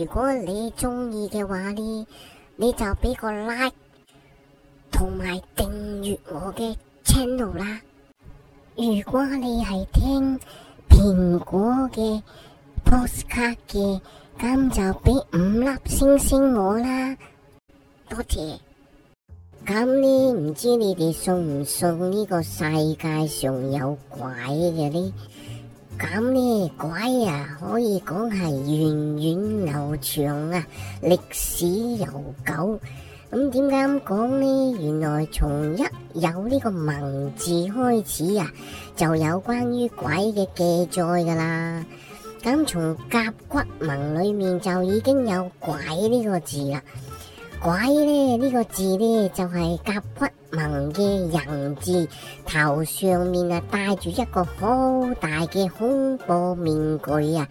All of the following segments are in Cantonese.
如果你中意嘅話呢，你就俾個 like 同埋訂閱我嘅 channel 啦。如果你係聽蘋果嘅 podcast 嘅，咁就俾五粒星星我啦。多謝。咁呢、嗯？唔知你哋信唔信呢個世界上有鬼嘅呢？咁呢鬼啊，可以講係源遠流長啊，歷史悠久。咁點解咁講呢？原來從一有呢個文字開始啊，就有關於鬼嘅記載噶啦。咁從甲骨文裏面就已經有鬼呢個字啦。鬼呢呢、呢個字呢，就係、是、甲骨。文嘅人字頭上面啊，戴住一個好大嘅恐怖面具啊，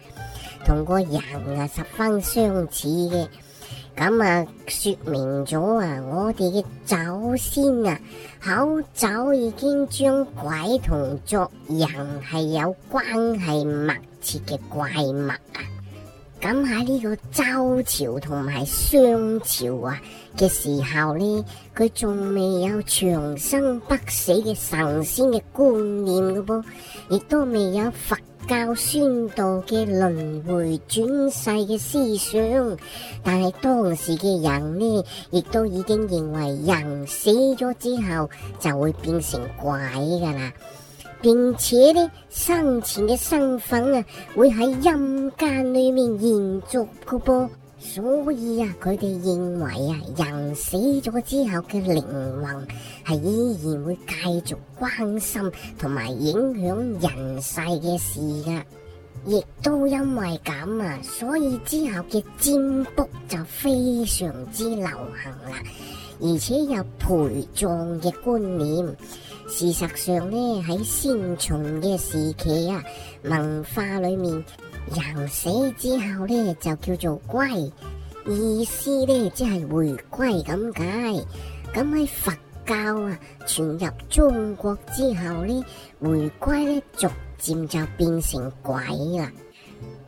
同個人啊十分相似嘅，咁啊說明咗啊，我哋嘅祖先啊，好早已經將鬼同作人係有關係密切嘅怪物啊。咁喺呢個周朝同埋商朝啊嘅時候呢，佢仲未有長生不死嘅神仙嘅觀念噶噃，亦都未有佛教宣道嘅輪回轉世嘅思想。但係當時嘅人呢，亦都已經認為人死咗之後就會變成鬼噶啦。並且呢，生前嘅身份啊，會喺陰間裏面延續個啵，所以啊，佢哋認為啊，人死咗之後嘅靈魂係依然會繼續關心同埋影響人世嘅事噶。亦都因為咁啊，所以之後嘅占卜就非常之流行啦，而且有陪葬嘅觀念。事實上呢，喺先秦嘅時期啊，文化裏面人死之後呢就叫做歸，意思呢，即係回歸咁解。咁喺佛教啊傳入中國之後呢，回歸呢。續。漸就變成鬼啦。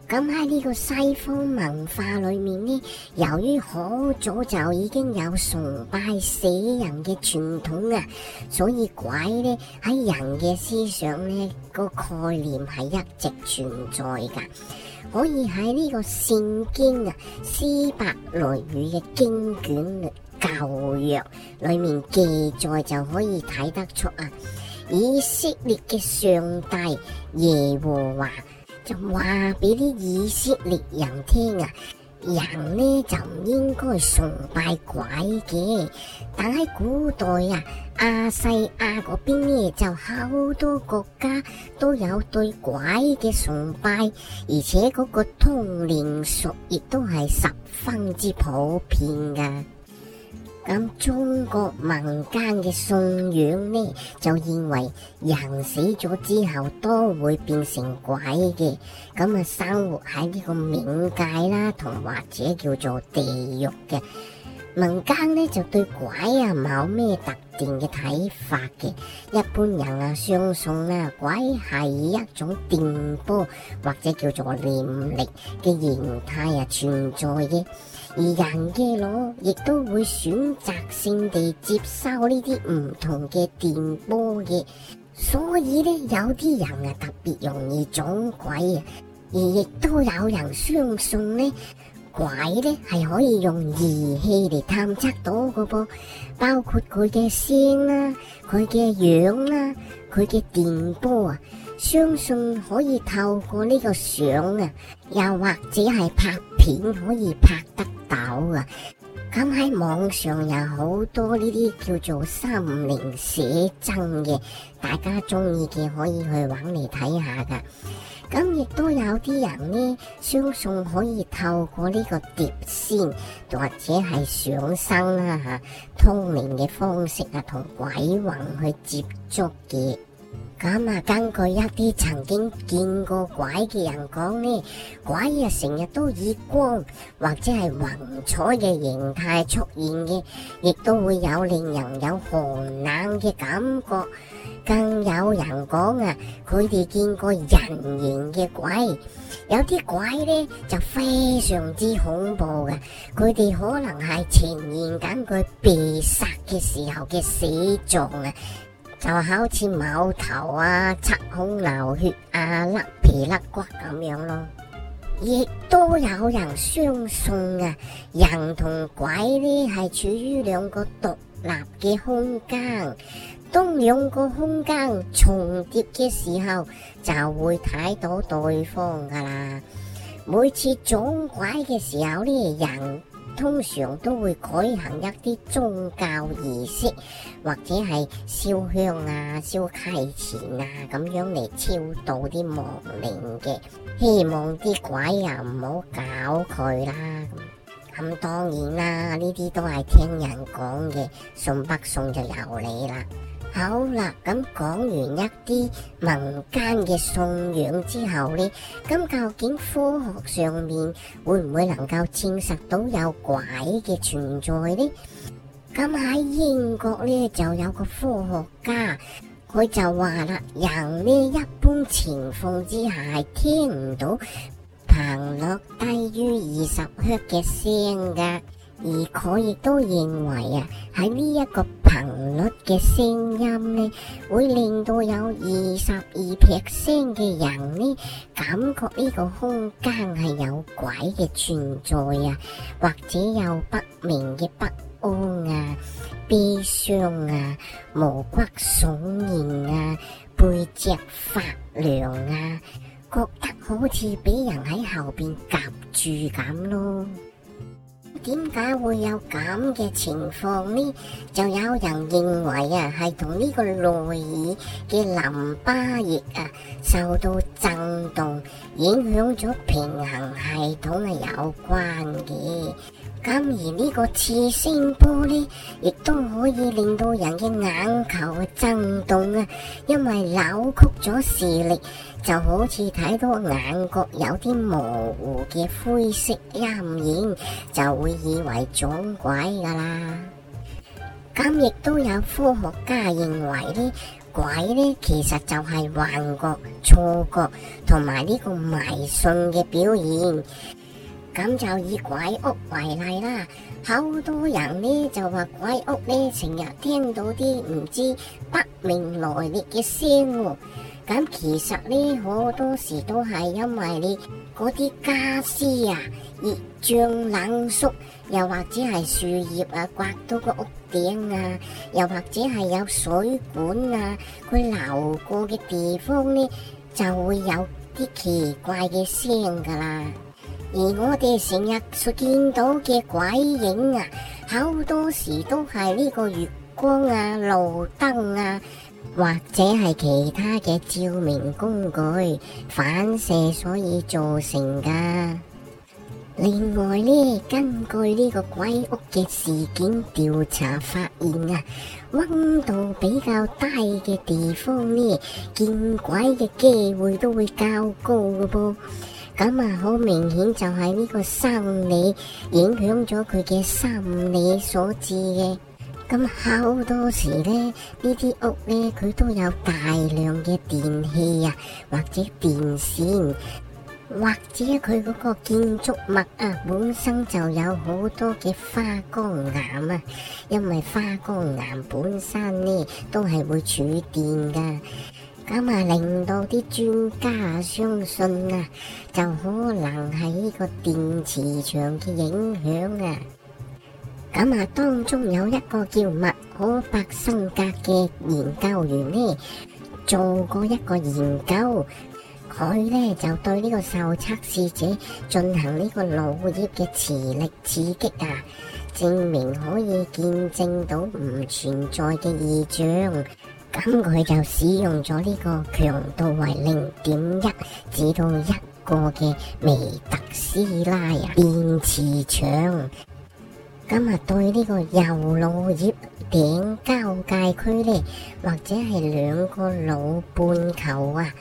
咁喺呢個西方文化裏面呢，由於好早就已經有崇拜死人嘅傳統啊，所以鬼呢喺人嘅思想呢個概念係一直存在噶。可以喺呢個聖經啊、《希伯來語》嘅經卷、舊約裏面記載就可以睇得出啊。以色列嘅上帝耶和華就話俾啲以色列人聽啊，人呢就唔應該崇拜鬼嘅，但喺古代啊，亞細亞嗰邊呢就好多國家都有對鬼嘅崇拜，而且嗰個通靈術亦都係十分之普遍噶。咁中國民間嘅信仰呢，就認為人死咗之後都會變成鬼嘅，咁啊生活喺呢個冥界啦，同或者叫做地獄嘅。民間咧就對鬼啊冇咩特定嘅睇法嘅，一般人啊相信啊，鬼係一種電波或者叫做念力嘅形態啊存在嘅，而人嘅腦亦都會選擇性地接收呢啲唔同嘅電波嘅，所以咧有啲人啊特別容易撞鬼啊，而亦都有人相信咧。鬼咧係可以用儀器嚟探測到個噃，包括佢嘅聲啦、佢嘅樣啦、佢嘅電波啊，相信可以透過呢個相啊，又或者係拍片可以拍得到啊。咁喺網上有好多呢啲叫做心靈寫真嘅，大家中意嘅可以去玩嚟睇下噶。咁亦都有啲人呢，相信可以透過呢個碟仙，或者係上身啦，啊，通靈嘅方式啊，同鬼魂去接觸嘅。咁啊，根據一啲曾經見過鬼嘅人講呢，鬼啊成日都以光或者係雲彩嘅形態出現嘅，亦都會有令人有寒冷嘅感覺。更有人講啊，佢哋見過人形嘅鬼，有啲鬼呢就非常之恐怖㗎，佢哋可能係呈現緊佢被殺嘅時候嘅死狀啊。就好似矛頭啊、七孔流血啊、甩皮甩骨咁樣咯，亦都有人相信啊，人同鬼呢係處於兩個獨立嘅空間，當兩個空間重疊嘅時候，就會睇到對方噶啦。每次撞鬼嘅時候呢，人。通常都會舉行一啲宗教儀式，或者係燒香啊、燒契錢啊咁樣嚟超度啲亡靈嘅，希望啲鬼呀唔好搞佢啦。咁當然啦，呢啲都係聽人講嘅，信不信就由你啦。好啦，咁講完一啲民間嘅信仰之後呢，咁究竟科學上面會唔會能夠證實到有鬼嘅存在呢？咁喺英國呢，就有個科學家，佢就話啦，人呢，一般情況之下係聽唔到頻率低於二十赫嘅聲噶。而佢亦都認為啊，喺呢一個頻率嘅聲音呢，會令到有二十二 percent 嘅人呢，感覺呢個空間係有鬼嘅存在啊，或者有不明嘅不安啊、悲傷啊、毛骨悚然啊、背脊發涼啊，覺得好似俾人喺後邊夾住咁咯。點解會有咁嘅情況呢？就有人認為啊，係同呢個內耳嘅淋巴液啊受到震動，影響咗平衡系統係有關嘅。咁而呢個次聲波呢，亦都可以令到人嘅眼球嘅震動啊，因為扭曲咗視力，就好似睇到眼角有啲模糊嘅灰色陰影，就會以為撞鬼噶啦。咁亦都有科學家認為呢，鬼呢，其實就係幻覺、錯覺同埋呢個迷信嘅表現。咁就以鬼屋為例啦，好多人呢，就話鬼屋呢，成日聽到啲唔知不明來歷嘅聲喎。咁其實呢，好多時都係因為你嗰啲家私啊熱脹冷縮，又或者係樹葉啊刮到個屋頂啊，又或者係有水管啊佢流過嘅地方呢，就會有啲奇怪嘅聲噶啦。而我哋成日所見到嘅鬼影啊，好多時都係呢個月光啊、路燈啊，或者係其他嘅照明工具反射，所以造成噶。另外呢，根據呢個鬼屋嘅事件調查發現啊，溫度比較低嘅地方呢，見鬼嘅機會都會較高嘅噃。咁啊，好明顯就係呢個生理影響咗佢嘅心理所致嘅。咁好多時呢，呢啲屋呢，佢都有大量嘅電器啊，或者電線，或者佢嗰個建築物啊，本身就有好多嘅花崗岩啊，因為花崗岩本身呢，都係會儲電㗎。咁啊，令到啲專家相信啊，就可能係呢個電磁場嘅影響啊！咁啊，當中有一個叫麥可伯辛格嘅研究員呢，做過一個研究，佢呢，就對呢個受測試者進行呢個腦葉嘅磁力刺激啊，證明可以見證到唔存在嘅異象。咁佢就使用咗呢個強度為零點一至到一個嘅微特斯拉嘅電磁場，咁啊對呢個右腦葉頂交界區呢，或者係兩個腦半球啊。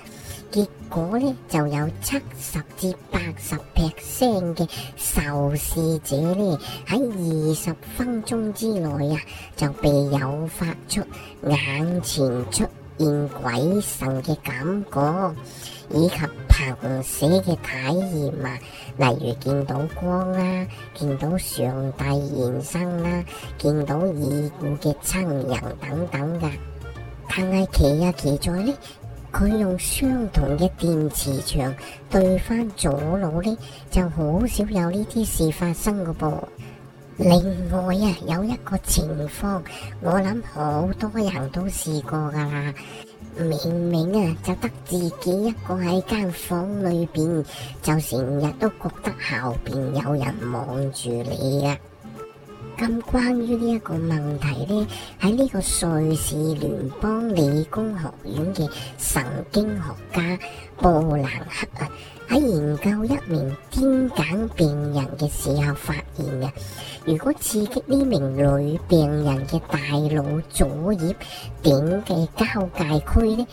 結果咧就有七十至八十 percent 嘅受試者呢，喺二十分鐘之內啊就被誘發出眼前出現鬼神嘅感覺，以及瀕死嘅體驗啊，例如見到光啦、啊、見到上帝現身啦、見到已故嘅親人等等噶、啊。但係奇啊奇在呢。佢用相同嘅電磁場對翻左腦咧，就好少有呢啲事發生噶噃。另外啊，有一個情況，我諗好多人都試過噶啦，明明啊就得自己一個喺間房裏邊，就成日都覺得後邊有人望住你啊。咁關於呢一個問題呢，喺呢個瑞士聯邦理工學院嘅神經學家布蘭克啊，喺研究一名癲癇病人嘅時候發現嘅。如果刺激呢名女病人嘅大腦左葉點嘅交界區咧，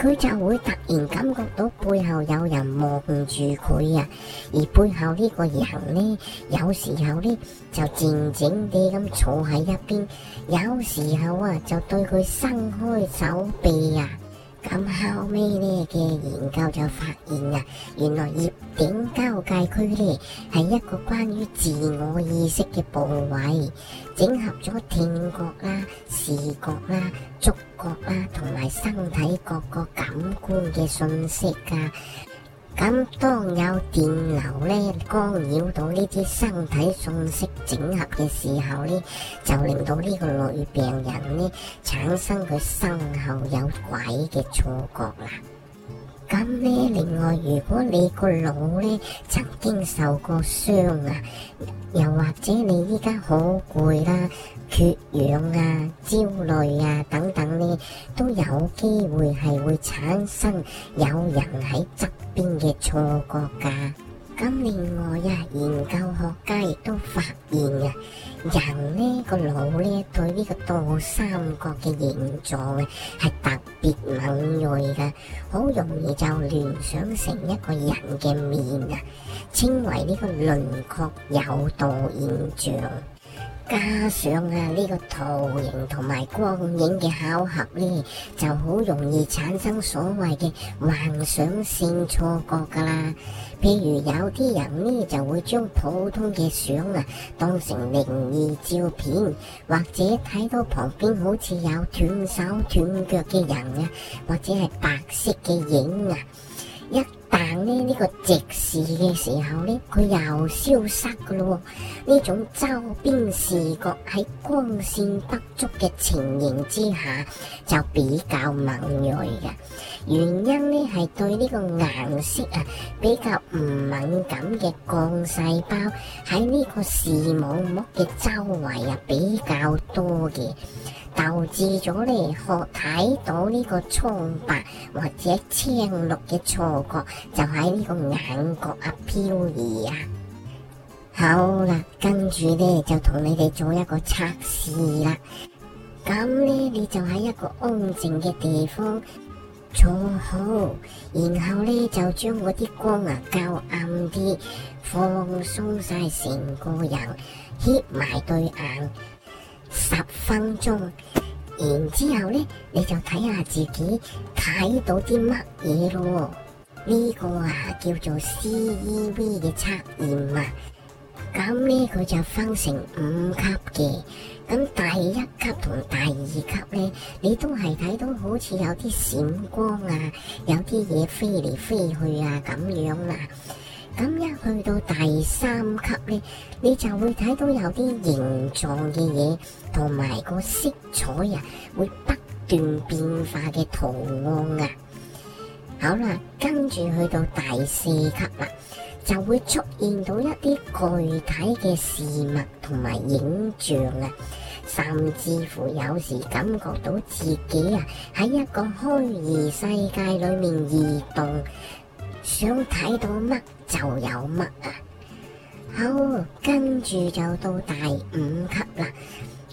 佢就會突然感覺到背後有人望住佢呀，而背後呢個人呢，有時候呢就靜靜地咁坐喺一邊，有時候啊就對佢伸開手臂呀。咁後尾呢嘅研究就發現啊，原來葉頂交界區呢係一個關於自我意識嘅部位，整合咗聽覺啦、視覺啦、觸覺啦同埋身體各個感官嘅訊息噶、啊。咁當有電流咧干擾到呢啲身體信息整合嘅時候咧，就令到呢個女病人咧產生佢身後有鬼嘅錯覺啦。咁咧，另外如果你個腦咧曾經受過傷啊，又或者你依家好攰啦。缺氧啊、焦慮啊等等呢，都有機會係會產生有人喺側邊嘅錯覺噶。咁另外啊，研究學家亦都發現啊，人呢、呢個腦呢對呢個倒三角嘅形狀嘅係特別敏銳噶，好容易就聯想成一個人嘅面啊，稱為呢個輪廓誘導現象。加上啊呢個圖形同埋光影嘅巧合咧，就好容易產生所謂嘅幻想性錯覺噶啦。譬如有啲人咧就會將普通嘅相啊當成靈異照片，或者睇到旁邊好似有斷手斷腳嘅人啊，或者係白色嘅影啊一。但咧呢、這個直視嘅時候呢，佢又消失噶咯。呢種周邊視覺喺光線不足嘅情形之下就比較敏銳嘅，原因呢係對呢個顏色啊比較唔敏感嘅桿細胞喺呢個視網膜嘅周圍啊比較多嘅。導致咗咧，學睇到呢個蒼白或者青綠嘅錯覺，就喺呢個眼角啊漂移啊。好啦，跟住咧就同你哋做一個測試啦。咁咧你就喺一個安靜嘅地方坐好，然後咧就將嗰啲光啊較暗啲，放鬆晒成個人，貼埋對眼。十分鐘，然之後咧，你就睇下自己睇到啲乜嘢咯。呢個啊叫做 CEV 嘅測驗啊，咁呢，佢就分成五級嘅，咁第一級同第二級呢，你都係睇到好似有啲閃光啊，有啲嘢飛嚟飛去啊咁樣啊。咁一去到第三級呢，你就會睇到有啲形狀嘅嘢，同埋個色彩啊，會不斷變化嘅圖案啊。好啦，跟住去到第四級啦，就會出現到一啲具體嘅事物同埋影像啊，甚至乎有時感覺到自己啊喺一個虛擬世界裏面移動，想睇到乜？就有乜啊？好，跟住就到第五級啦。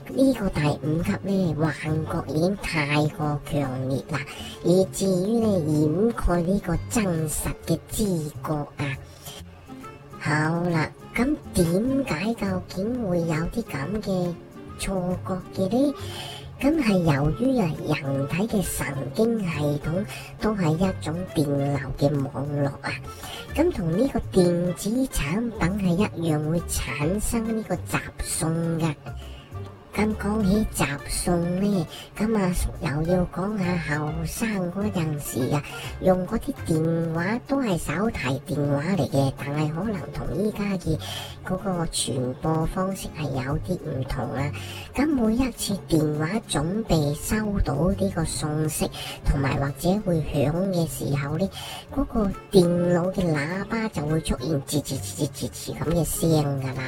呢個第五級呢，幻覺已經太過強烈啦，以至於呢，掩蓋呢個真實嘅知覺啊。好啦，咁點解究竟會有啲咁嘅錯覺嘅呢？咁係由於啊，人體嘅神經系統都係一種電流嘅網絡啊，咁同呢個電子產品係一樣會產生呢個雜訊嘅。咁講起集送呢，咁啊又要講下後生嗰陣時啊，用嗰啲電話都係手提電話嚟嘅，但係可能同依家嘅嗰個傳播方式係有啲唔同啊。咁每一次電話準備收到呢個訊息，同埋或者會響嘅時候呢，嗰個電腦嘅喇叭就會出現吱吱吱吱吱咁嘅聲噶啦。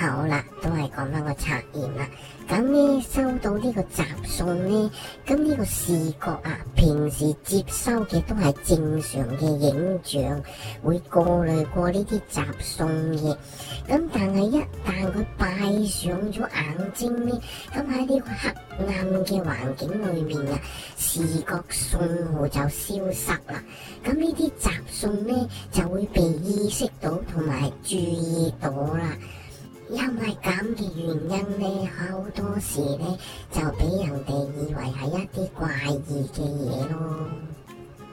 好啦，都係講翻個測驗啦。咁呢收到呢個雜訊呢，咁呢個視覺啊，平時接收嘅都係正常嘅影像，會過濾過呢啲雜訊嘅。咁但係一旦佢閉上咗眼睛呢，咁喺呢個黑暗嘅環境裏面啊，視覺信號就消失啦。咁呢啲雜訊呢，就會被意識到同埋注意到啦。因為咁嘅原因咧，好多時咧就俾人哋以為係一啲怪異嘅嘢咯。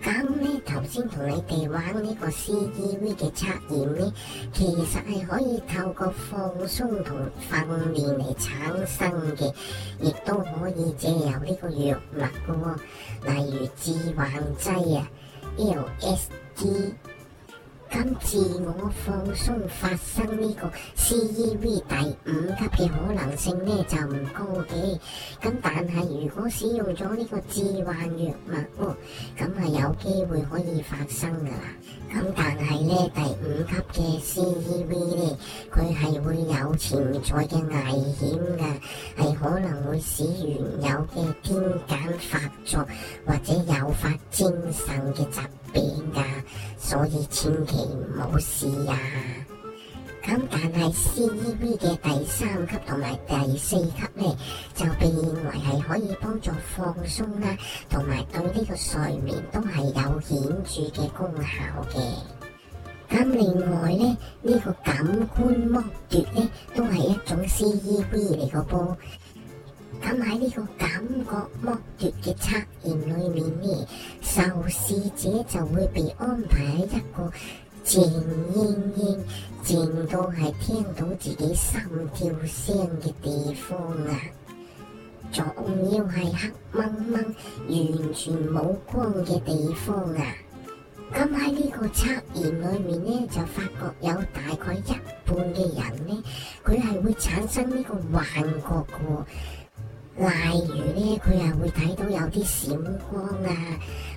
咁咧，頭先同你哋玩呢個 C E V 嘅測驗咧，其實係可以透過放鬆同訓練嚟產生嘅，亦都可以借由呢個藥物噶喎，例如致幻劑啊，LSD 咁自我放鬆發生呢個 CEV 第五級嘅可能性呢就唔高嘅，咁但係如果使用咗呢個致幻藥物，咁、哦、係有機會可以發生噶啦。咁但係呢第五級嘅 CEV 呢，佢係會有潛在嘅危險噶，係可能會使原有嘅癲癇發作或者誘發精神嘅疾病。所以千祈唔好試呀、啊。咁但係 C E V 嘅第三級同埋第四級呢，就被認為係可以幫助放鬆啦，同埋對呢個睡眠都係有顯著嘅功效嘅。咁另外呢，呢、呢個感官剝奪呢，都係一種 C E V 嚟個噃。咁喺呢個感覺剝奪嘅測驗裏面呢，受試者就會被安排喺一個靜英英、靜到係聽到自己心跳聲嘅地方啊，仲要係黑掹掹、完全冇光嘅地方啊。咁喺呢個測驗裏面呢，就發覺有大概一半嘅人呢，佢係會產生呢個幻覺嘅、哦。例如咧，佢又會睇到有啲閃光啊，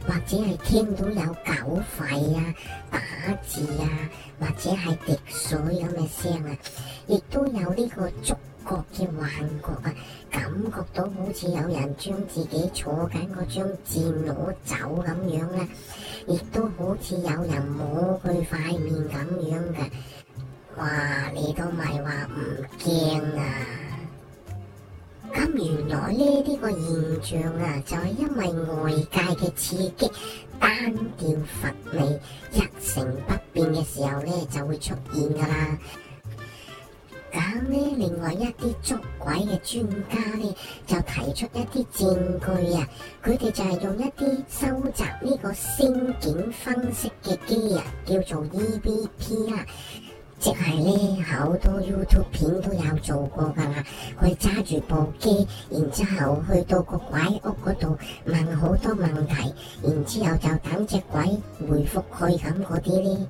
或者係聽到有狗吠啊、打字啊，或者係滴水咁嘅聲啊，亦都有呢個觸覺嘅幻覺啊，感覺到好似有人將自己坐緊張箭攞走咁樣咧、啊，亦都好似有人摸佢塊面咁樣噶，哇！你都唔係話唔見。呢啲個現象啊，就係、是、因為外界嘅刺激單調乏味一成不變嘅時候咧，就會出現噶啦。咁呢，另外一啲捉鬼嘅專家咧，就提出一啲證據啊，佢哋就係用一啲收集呢個先境分析嘅機啊，叫做 EBP 啦、啊。即係呢，好多 YouTube 片都有做過噶啦，佢揸住部機，然之後去到個鬼屋嗰度問好多問題，然之後就等隻鬼回覆佢咁嗰啲呢。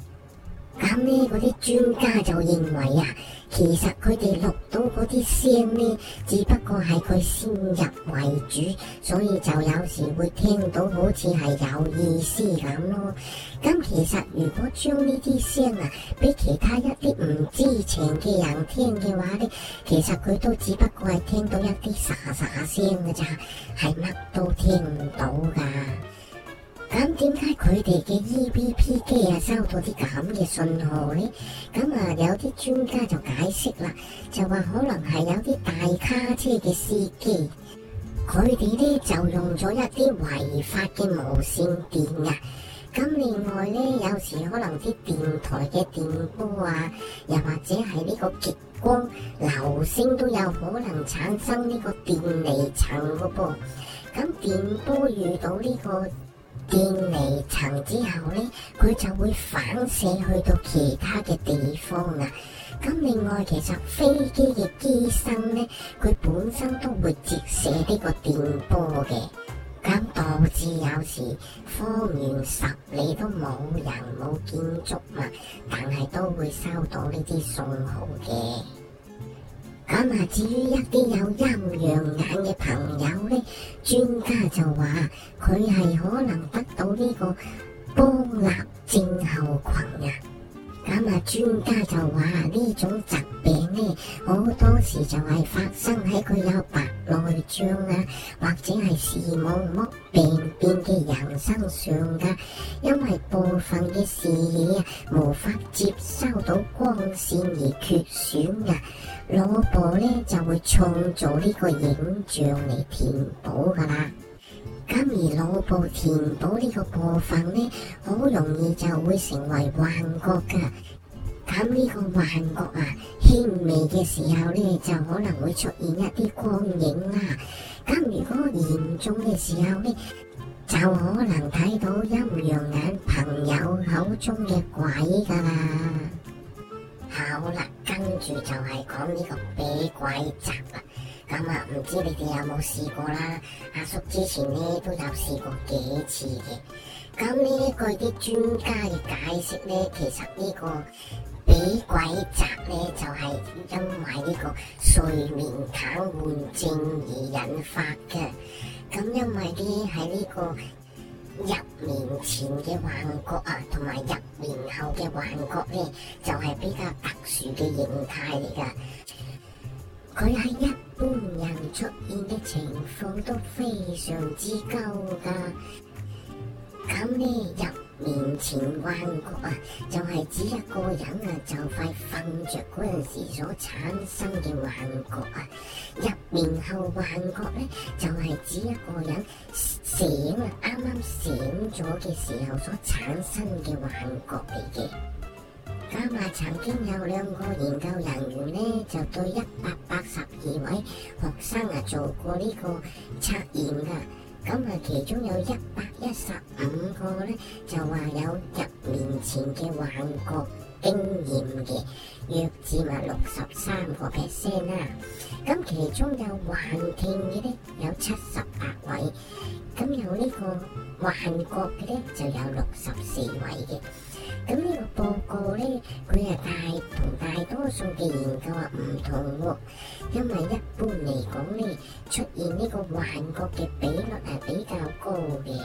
咁呢嗰啲專家就認為啊，其實佢哋錄到嗰啲聲呢，只不過係佢先入為主，所以就有時會聽到好似係有意思咁咯、哦。咁其實如果將呢啲聲啊，俾其他一啲唔知情嘅人聽嘅話呢，其實佢都只不過係聽到一啲沙沙聲㗎咋，係乜都聽唔到噶。咁點解佢哋嘅 EVP 機啊收到啲咁嘅信號咧？咁啊有啲專家就解釋啦，就話可能係有啲大卡車嘅司機，佢哋呢就用咗一啲違法嘅無線電啊。咁另外呢，有時可能啲電台嘅電波啊，又或者係呢個極光、流星都有可能產生呢個電離層個噃。咁電波遇到呢個。電離層之後咧，佢就會反射去到其他嘅地方啊。咁另外，其實飛機嘅機身咧，佢本身都會折射呢個電波嘅，咁導致有時方圓十里都冇人冇建築物，但係都會收到呢啲信號嘅。咁啊，至於一啲有陰陽眼嘅朋友咧，專家就話佢係可能得到呢個波納症候群啊。咁啊，專家就話呢種疾病咧，好多時就係發生喺佢有白內障啊，或者係視網膜病變嘅人身上噶，因為部分嘅視野啊無法接收到光線而缺損啊，腦部咧就會創造呢個影像嚟填補噶啦。腦部填補呢個部分呢，好容易就會成為幻覺噶。咁呢個幻覺啊，輕微嘅時候呢，就可能會出現一啲光影啦、啊。咁如果嚴重嘅時候呢，就可能睇到陰陽眼、朋友口中嘅鬼噶啦。好啦，跟住就係講呢個畀鬼集啦。咁啊，唔知你哋有冇試過啦？阿叔之前呢都有試過幾次嘅。咁呢個啲專家嘅解釋呢，其實呢個俾鬼責呢，就係因為呢個睡眠癱瘓症而引發嘅。咁因為啲喺呢個入眠前嘅幻覺啊，同埋入眠後嘅幻覺呢，就係比較特殊嘅形態嚟噶。佢係一般人出現嘅情況都非常之高噶，咁呢入眠前幻覺啊，就係指一個人啊就快瞓着嗰陣時所產生嘅幻覺啊，入眠後幻覺咧就係指一個人醒啊，啱啱醒咗嘅時候所產生嘅幻覺嚟嘅。咁啊，曾經有兩個研究人員咧，就對一百八十二位學生啊做過呢個測驗噶。咁啊，其中有一百一十五個咧，就話有入面前嘅幻覺經驗嘅，約佔啊六十三個 percent 啦。咁其中有幻聽嘅咧，有七十八位；咁有呢個幻覺嘅咧，就有六十四位嘅。咁呢個報告呢，佢係大同大多數嘅研究啊唔同喎，因為一般嚟講呢，出現呢個幻覺嘅比率係比較高嘅。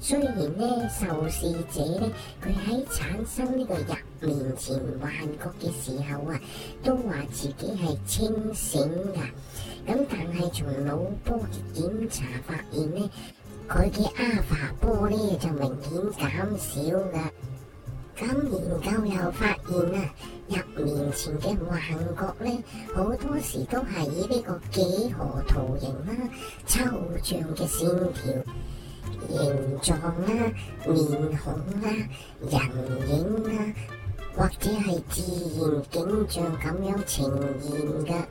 雖然呢，受試者呢，佢喺產生呢個入面前幻覺嘅時候啊，都話自己係清醒噶。咁但係從腦波檢查發現呢，佢嘅 α 波呢就明顯減少噶。咁研究又發現啊，入面前嘅幻覺咧，好多時都係以呢個幾何圖形啦、啊、抽象嘅線條、形狀啦、啊、面孔啦、啊、人影啦、啊，或者係自然景象咁樣呈現噶。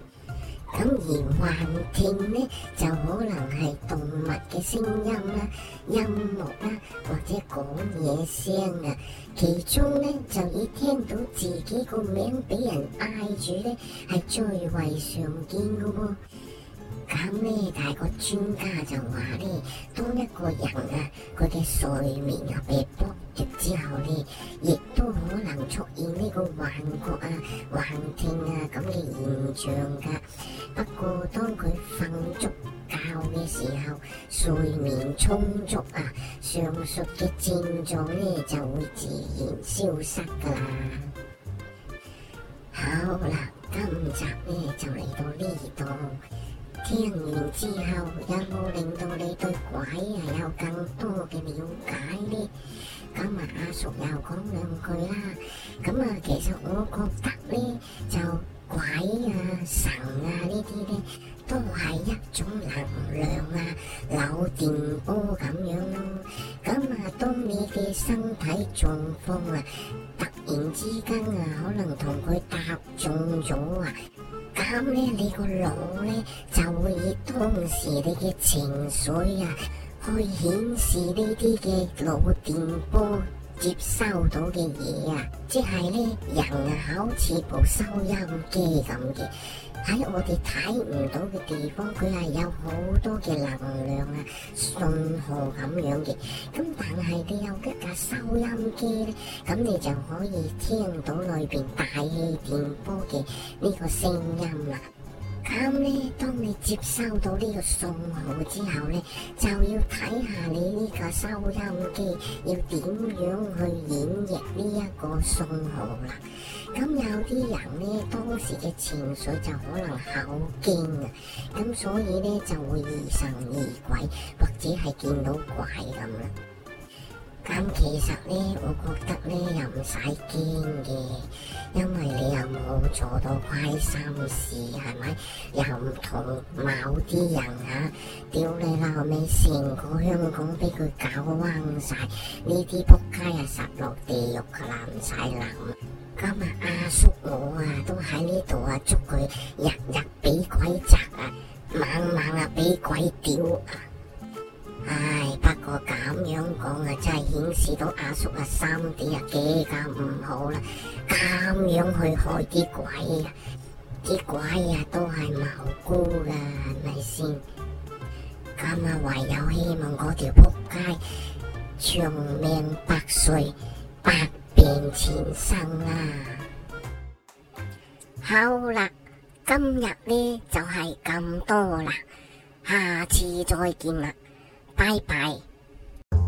咁而幻聽呢，就可能係動物嘅聲音啦、音樂啦，或者講嘢聲啊。其中呢，就以聽到自己個名俾人嗌住呢，係最為常見㗎喎。咁咧，大個專家就話咧，當一個人啊，佢嘅睡眠啊被剝奪之後咧，亦都可能出現呢個幻覺啊、幻聽啊咁嘅現象噶。不過當佢瞓足覺嘅時候，睡眠充足啊，上述嘅症狀咧就會自然消失噶啦。好啦，今集咧就嚟到呢。聽完之後，有冇令到你對鬼啊有更多嘅了解呢？咁啊阿叔又講兩句啦。咁啊其實我覺得呢，就鬼啊神啊呢啲呢，都係一種能量啊、腦電波咁樣咯、啊。咁啊當你嘅身體狀況啊突然之間啊可能同佢搭中咗啊！咁咧，你個腦咧就會以當時你嘅情緒啊，去顯示呢啲嘅腦電波接收到嘅嘢啊，即係咧人啊，好似部收音機咁嘅。喺我哋睇唔到嘅地方，佢係有好多嘅能量啊、信號咁樣嘅。咁但係你有一架收音機咧，咁你就可以聽到裏邊大氣電波嘅呢個聲音啦。咁咧，當你接收到呢個信號之後咧，就要睇下你呢個收音機要點樣去演繹呢一個信號啦。咁有啲人咧，當時嘅情緒就可能好驚啊，咁所以咧就會疑神疑鬼，或者係見到鬼咁啦。咁其實呢，我覺得呢又唔使驚嘅，因為你又冇做到虧心事，係咪？又唔同某啲人啊，屌你老味，成個香港俾佢搞彎晒。呢啲仆街啊，實落地獄嘅啦，唔使諗。今日阿叔我啊，都喺呢度啊，祝佢日日俾鬼責啊，晚晚啊俾鬼屌啊，唉！我咁樣講啊，真係顯示到阿叔阿三地啊，幾咁唔好啦，啊！咁樣去害啲鬼啊，啲鬼啊都係無辜噶，係咪先？咁啊，唯有希望嗰條扑街長命百歲，百病纏身啦！好啦，今日咧就係、是、咁多啦，下次再見啦，拜拜。